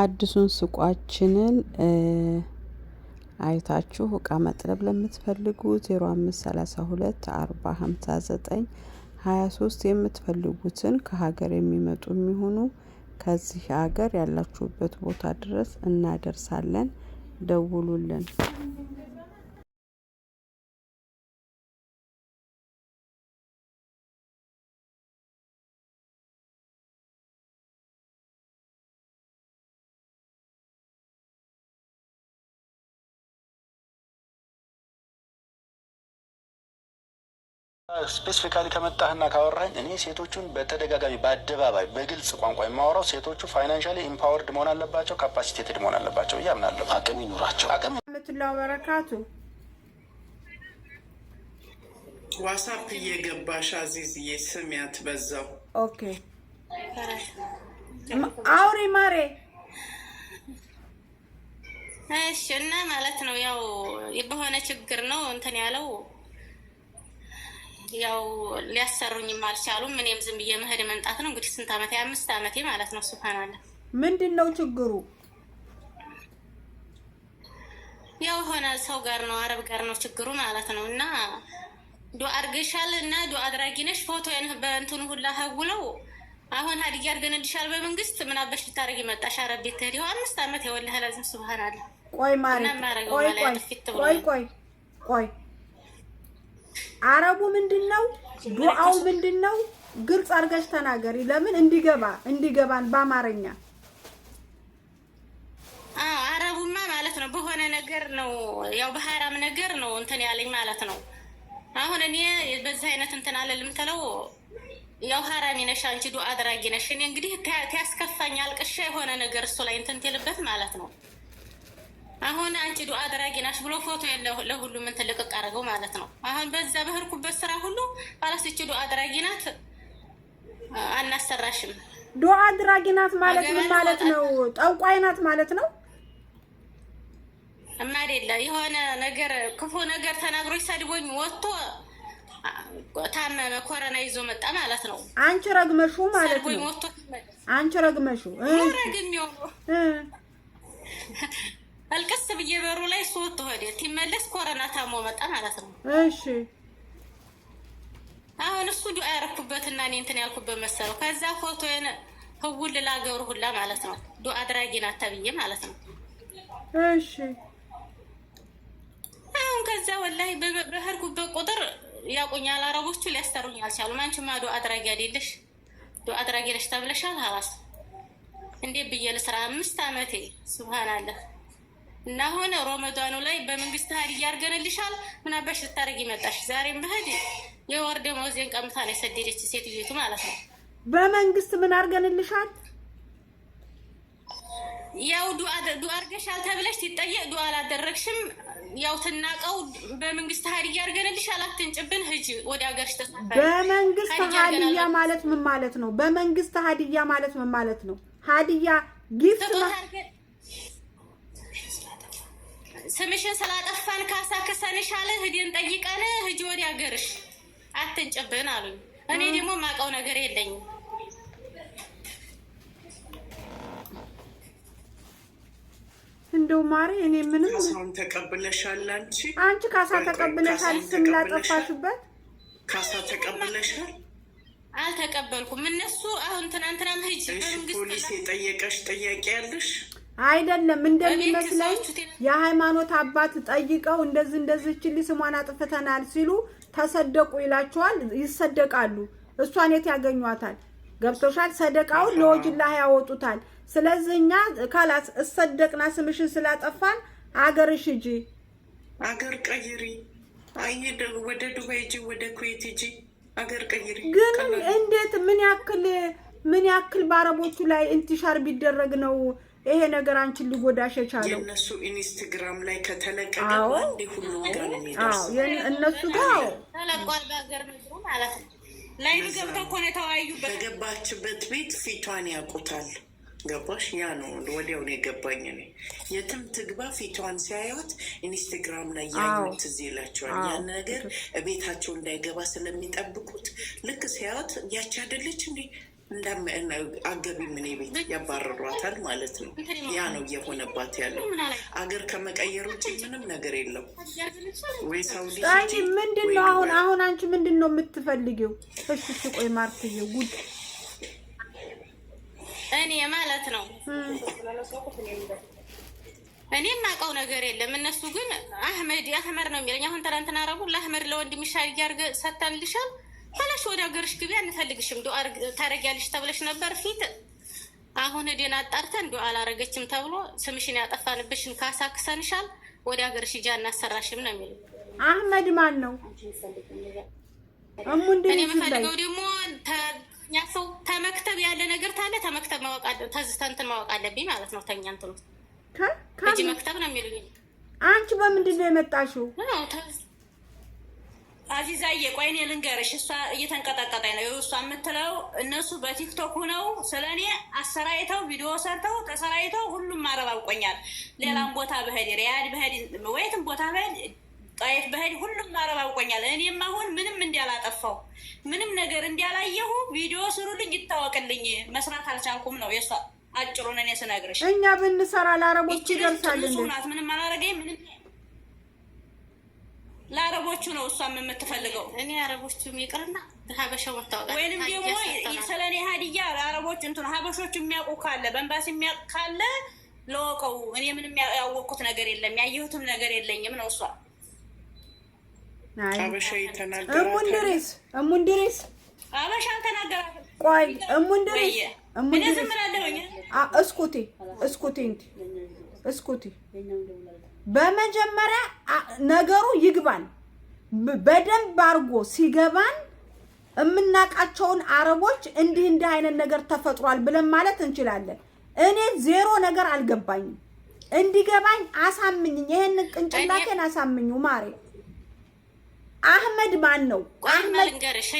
አዲሱን ስቋችንን አይታችሁ እቃ መጥለብ ለምትፈልጉ 0532 459 23 የምትፈልጉትን ከሀገር የሚመጡ የሚሆኑ ከዚህ ሀገር ያላችሁበት ቦታ ድረስ እናደርሳለን። ደውሉልን። ስፔሲፊካሊ ከመጣህና ካወራኝ እኔ ሴቶቹን በተደጋጋሚ በአደባባይ በግልጽ ቋንቋ የማወራው ሴቶቹ ፋይናንሻሊ ኢምፓወርድ መሆን አለባቸው፣ ካፓሲቴትድ መሆን አለባቸው ብዬ አምናለሁ። አቅም ይኑራቸው። አቅም ምትላ በረካቱ ዋሳፕ እየገባሽ አዚዝዬ ስሚያት በዛው። ኦኬ አውሪ ማሬ። እሺ እና ማለት ነው ያው በሆነ ችግር ነው እንትን ያለው ያው ሊያሰሩኝም አልቻሉም። እኔም ዝም ብዬ መሄድ መምጣት ነው እንግዲህ ስንት ዓመቴ አምስት ዓመቴ ማለት ነው። ሱብሃናለ ምንድን ነው ችግሩ? ያው ሆነ ሰው ጋር ነው አረብ ጋር ነው ችግሩ ማለት ነው። እና ዱአ አድርገሻል እና ዱአ አድራጊ ነሽ ፎቶ በእንትኑ ሁላ ሀውለው አሁን ሀዲያ አድርገንልሻል በመንግስት ምናበሽ አበሽ ልታደርጊ መጣሽ? አረብ ቤት ትሄድ ይኸው አምስት ዓመት የወለህላዝም ሱብሃናለ ቆይ ማሪ ቆይ ቆይ ቆይ ቆይ አረቡ ምንድን ነው? ዱዓው ምንድን ነው? ግልጽ አድርገሽ ተናገሪ። ለምን እንዲገባ እንዲገባን በአማርኛ አረቡማ ማለት ነው። በሆነ ነገር ነው ያው በሀራም ነገር ነው እንትን ያለኝ ማለት ነው። አሁን እኔ በዚህ አይነት እንትን አለ ልምትለው ያው ሀራሚ ነሽ አንቺ ዱዓ አድራጊ ነሽ። እኔ እንግዲህ ያስከፋኝ አልቅሻ የሆነ ነገር እሱ ላይ እንትን ትልበት ማለት ነው አሁን አንቺ ዱአ አድራጊ ናሽ ብሎ ፎቶ ለሁሉም እንትን ልቅቅ አድርገው ማለት ነው። አሁን በዛ በህርኩበት ስራ ሁሉ ባላስ እቺ ዱአ አድራጊ ናት አናሰራሽም። ዱአ አድራጊ ናት ማለት ምን ማለት ነው? ጠንቋይ ናት ማለት ነው። እማዴላ የሆነ ነገር ክፉ ነገር ተናግሮ ሰድቦኝ ወጥቶ ታመመ ኮረና ይዞ መጣ ማለት ነው። አንቺ ረግመሹ ማለት ነው። አንቺ ረግመሹ ረግሜው አልቀስ ብዬ በሩ ላይ ሶት ወደ ሲመለስ ኮረና ታሞ መጣ ማለት ነው። እሺ አሁን እሱ ዱ ዱዓ እና እኔ እንትን ያልኩበት መሰለው። ከዛ ፎቶ የነ ህውል ላገሩ ሁላ ማለት ነው። ዱ አድራጊ ናት ተብዬ ማለት ነው። እሺ አሁን ከዛ ወላሂ በህርኩበት ቁጥር ያቁኛል አረቦቹ ሊያስተሩኝ አልቻሉም። አንቺማ ዱ አድራጊ አይደለሽ ዱ አድራጊ ነሽ ተብለሻል። ሀላስ እንዴት ብዬ ልስራ? አምስት አመቴ ሱብሃን አለህ እና ሆነ ሮመዳኑ ላይ በመንግስት ሀይል እያርገንልሻል ምን አባሽ ልታደርጊ መጣሽ? ዛሬም በህድ የወር ደመወዜን ቀምታ ነው የሰደደች ሴትዮቱ ማለት ነው። በመንግስት ምን አርገንልሻል? ያው ዱ አርገሻል ተብለሽ ትጠየቅ ዱ አላደረግሽም። ያው ትናቀው በመንግስት ሀዲያ አርገንልሽ አትንጭብን ህጅ ወደ ሀገርሽ ተሳፈሪ። በመንግስት ሀዲያ ማለት ምን ማለት ነው? በመንግስት ሀዲያ ማለት ምን ማለት ነው? ሀዲያ ጊፍት ስምሽን ስላጠፋን ካሳ ክሰንሻል፣ ሂደን ጠይቀን ህጅ ወዲ ሀገርሽ አትንጭብን አሉ። እኔ ደግሞ የማውቀው ነገር የለኝም። እንደው ማሪ እኔ ምንም ተቀብለሻል። አንቺ አንቺ ካሳ ተቀብለሻል። ስም ላጠፋሽበት ካሳ ተቀብለሻል። አልተቀበልኩም። እነሱ አሁን ትናንትናም ህጅ ፖሊስ የጠየቀሽ ጥያቄ ያለሽ አይደለም እንደሚመስለኝ የሃይማኖት አባት ጠይቀው እንደዚህ እንደዚህ ችል ስሟን አጥፍተናል ሲሉ ተሰደቁ ይላቸዋል፣ ይሰደቃሉ። እሷን የት ያገኟታል? ገብቶሻል? ሰደቃውን ለወጅላህ ያወጡታል። ስለዚህ እኛ ካላስ እሰደቅና ስምሽን ስላጠፋን አገርሽ ሂጂ፣ አገር ቀይሪ፣ ወደ ዱባይ ሂጂ፣ ወደ ኩዌት ሂጂ፣ አገር ቀይሪ። ግን እንዴት ምን ያክል ምን ያክል በአረቦቹ ላይ እንትሻር ቢደረግ ነው ይሄ ነገር አንቺን ሊጎዳሽ የቻለው የእነሱ ኢንስትግራም ላይ ከተለቀቀ ሁሉ ነገር እነሱ ጋር ተለቋል። በሀገር ምድሩ ማለት ነው። ላይ ከሆነ በገባችበት ቤት ፊቷን ያውቁታል። ገባሽ? ያ ነው ወዲያውን የገባኝ እኔ። የትም ትግባ ፊቷን ሲያዩት ኢንስታግራም ላይ ያዩት ትዝ ይላቸዋል። ያን ነገር ቤታቸው እንዳይገባ ስለሚጠብቁት ልክ ሲያዩት ያቻደለች እንዴ አገቢ ምን ቤት ያባረሯታል ማለት ነው። ያ ነው እየሆነባት ያለው። አገር ከመቀየር ውጭ ምንም ነገር የለም ወይ ሳውዲ ምንድን ነው አሁን? አሁን አንቺ ምንድን ነው የምትፈልጊው? እሺ እሺ፣ ቆይ ማርትዬ፣ ጉድ እኔ ማለት ነው እኔ የማውቀው ነገር የለም። እነሱ ግን አህመድ አህመድ ነው የሚለኝ። አሁን ትናንትና ረቡዕ ለአህመድ ለወንድምሽ አድርገህ ሰጥተንልሻል ሆነሽ ወደ ሀገርሽ ግቢ አንፈልግሽም ዶ ታረጊያለሽ ተብለሽ ነበር ፊት አሁን ሄደን አጣርተን ዱ አላረገችም ተብሎ ስምሽን ያጠፋንብሽን ካሳክሰንሻል ወደ ሀገርሽ ሂጂ አናሰራሽም ነው የሚሉ አህመድ ማን ነው እኔ የምፈልገው ደግሞ ተኛ ሰው ተመክተብ ያለ ነገር ታለ ተመክተብ ማወቅ ተዝተንትን ማወቅ አለብኝ ማለት ነው ተኛ እንትኑ እጅ መክተብ ነው የሚሉኝ አንቺ በምንድን ነው የመጣሽው አዚዛዬ ቆይ እኔ ልንገርሽ፣ እሷ እየተንቀጠቀጠኝ ነው። እሷ የምትለው እነሱ በቲክቶክ ሁነው ስለ እኔ አሰራይተው ቪዲዮ ሰርተው ተሰራይተው ሁሉም አረብ አውቆኛል። ሌላም ቦታ በህድ ሪያድ በህድ ወይትም ቦታ በህድ ጣይፍ በህድ ሁሉም አረብ አውቆኛል። እኔም አሁን ምንም እንዲያላጠፋው ምንም ነገር እንዲያላየሁ ቪዲዮ ስሩልኝ ይታወቅልኝ፣ መስራት አልቻልኩም ነው የእሷ አጭሩን እኔ ስነግርሽ። እኛ ብንሰራ ለአረቦች ይደርሳል። ምንም አላረገኝ ምንም ለአረቦቹ ነው እሷም የምትፈልገው። እኔ አረቦቹ ይቅርና ሀበሻው መታወቂያ ወይንም ደግሞ ስለ እኔ ሀዲያ አረቦች እንትን ሀበሾቹ የሚያውቁ ካለ በእምባሲ የሚያውቅ ካለ ለወቀው። እኔ ምንም ያወቅኩት ነገር የለም ያየሁትም ነገር የለኝም ነው እሷ እሙንድሬስ እሙንድሬስ አበሻን ተናገራት። ቆይ እሙንድሬስ እሙንድሬስ እስኩቲ እስኩቲ እንትን እስኩቲ በመጀመሪያ ነገሩ ይግባል። በደንብ አድርጎ ሲገባን የምናቃቸውን አረቦች እንዲህ እንዲህ አይነት ነገር ተፈጥሯል ብለን ማለት እንችላለን። እኔ ዜሮ ነገር አልገባኝም። እንዲገባኝ አሳምኝ፣ ይሄን ቅንጭላቴን አሳምኙ። ማሬ አህመድ ማን ነው? አህመድ ንገርሽ።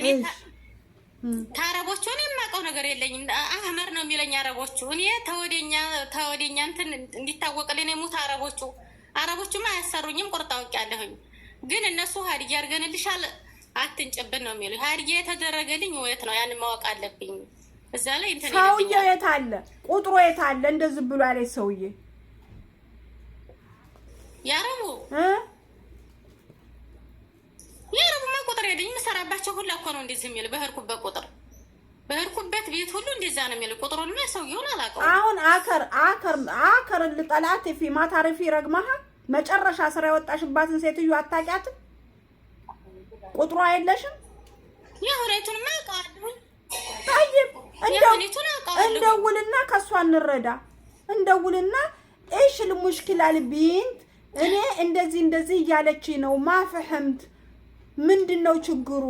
ከአረቦቹ እኔ የማውቀው ነገር የለኝም። አህመድ ነው የሚለኝ አረቦቹ። እኔ ተወደኛ ተወደኛ እንትን እንዲታወቅልን የሙት አረቦቹ አረቦችማ አያሰሩኝም። ቁርጥ አውቄያለሁኝ። ግን እነሱ ሀዲያ አድርገንልሻል አትንጭብን ነው የሚሉ። ሀዲያ የተደረገልኝ የት ነው? ያን ማወቅ አለብኝ። እዛ ላይ ሰውዬ የት አለ? ቁጥሩ የት አለ? እንደዚህ ብሎ ያለ ሰውዬ ያረቡ ያረቡማ ቁጥር የለኝም። የምሰራባቸው ሁላ እኮ ነው እንደዚህ የሚሉ በህርኩበት ቁጥር በሄድኩበት ቤት ሁሉ እንደዛ ነው የሚለው። ቁጥሩ ሁሉ ሰውየውን አላውቀውም። አሁን አከር አከር አከር ልጠላት ፊ ማታሪፊ ረግማሃ መጨረሻ ስራ የወጣሽባትን ሴትዮ አታውቂያትም? ቁጥሯ አይለሽም? የሁለቱንማ አውቃለሁ። ታይም እንደውልና ከእሷ እንረዳ እንደውልና እሽ ልሙሽኪላል ቢንት እኔ እንደዚህ እንደዚህ እያለች ነው ማፍህምት ምንድን ነው ችግሩ?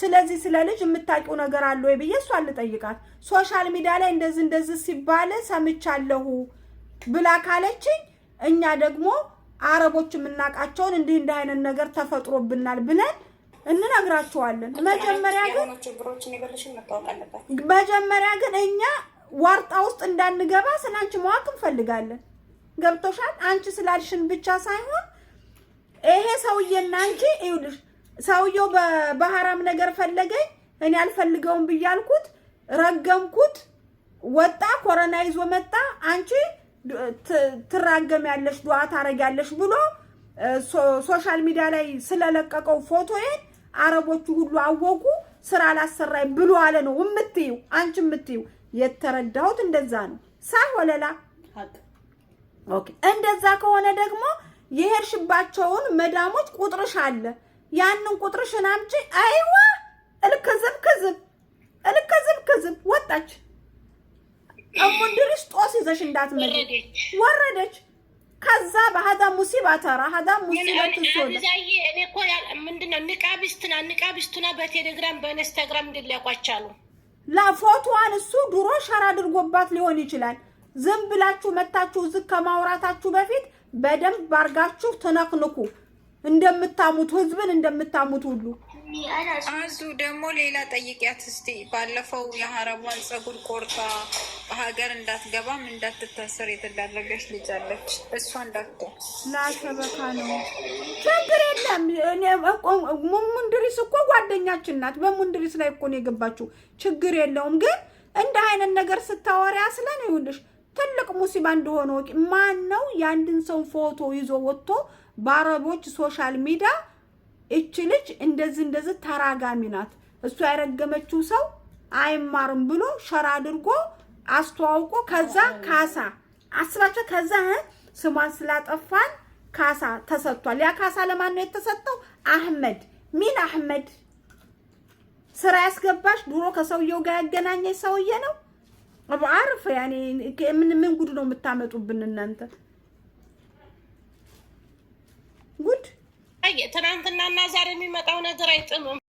ስለዚህ ስለ ልጅ የምታውቂው ነገር አለ ወይ ብዬ እሷ ልጠይቃት። ሶሻል ሚዲያ ላይ እንደዚህ እንደዚህ ሲባል ሰምቻለሁ ብላ ካለችኝ እኛ ደግሞ አረቦች የምናውቃቸውን እንዲህ እንዲህ አይነት ነገር ተፈጥሮብናል ብለን እንነግራቸዋለን። መጀመሪያ ግን መጀመሪያ ግን እኛ ዋርጣ ውስጥ እንዳንገባ ስለ አንቺ ማወቅ እንፈልጋለን። ገብቶሻል? አንቺ ስላልሽን ብቻ ሳይሆን ይሄ ሰውዬና አንቺ ይኸውልሽ ሰውየው በሀራም ነገር ፈለገኝ። እኔ አልፈልገውም ብዬ አልኩት፣ ረገምኩት። ወጣ ኮረና ይዞ መጣ። አንቺ ትራገሚያለሽ፣ ዱዓ ታረጊያለሽ ብሎ ሶሻል ሚዲያ ላይ ስለለቀቀው ፎቶዬን አረቦቹ ሁሉ አወቁ። ስራ አላሰራኝ ብሎ አለ ነው የምትይው አንቺ የምትይው። የተረዳሁት እንደዛ ነው። ሳይ ወለላ ኦኬ። እንደዛ ከሆነ ደግሞ የሄድሽባቸውን መዳሞች ቁጥርሽ አለ ያንን ቁጥርሽን አምጪ። አይዋ እልክዝብ ክዝብ እልክዝብ ክዝብ ወጣች። እሙንድሪስ ጦስ ይዘሽ እንዳትመጪ ወረደች። ከዛ በሀዳ ሙሲባ ተራ ሀዳ ሙሲባ ትሶለ እኔ እኮ ምንድን ንቃቢስትና ንቃቢስቱና በቴሌግራም በኢንስታግራም እንድለቋች አሉ። ለፎቶዋን እሱ ድሮ ሸር አድርጎባት ሊሆን ይችላል። ዝም ብላችሁ መታችሁ ዝግ ከማውራታችሁ በፊት በደንብ ባርጋችሁ ትነክንኩ። እንደምታሙት ህዝብን እንደምታሙት ሁሉ አዙ ደግሞ ሌላ ጠይቂያት እስቲ። ባለፈው የሀረቧን ፀጉር ቆርጣ ሀገር እንዳትገባም እንዳትታሰር የተዳረገች ልጅ አለች። እሷ እንዳትተ ላሸበካ ነው። ችግር የለም። ሙንድሪስ እኮ ጓደኛችን ናት። በሙንድሪስ ላይ እኮ ነው የገባችው። ችግር የለውም። ግን እንደ አይነት ነገር ስታወሪ አስለን ይሁልሽ ትልቅ ሙሲባ እንደሆነ ወቂ። ማን ነው የአንድን ሰው ፎቶ ይዞ ወጥቶ በአረቦች ሶሻል ሚዲያ እች ልጅ እንደዚህ እንደዚህ ተራጋሚ ናት፣ እሱ ያረገመችው ሰው አይማርም ብሎ ሸራ አድርጎ አስተዋውቆ ከዛ ካሳ አስባቸው ከዛ ስሟን ስላጠፋን ካሳ ተሰጥቷል። ያ ካሳ ለማን ነው የተሰጠው? አህመድ ሚን አህመድ ስራ ያስገባሽ ድሮ ከሰውየው ጋር ያገናኘ ሰውዬ ነው። አብዓርፍ ያኔ ምን ምን ጉድ ነው የምታመጡብን እናንተ? ጉድ። ትናንትናና ዛሬ የሚመጣው ነገር አይጥምም።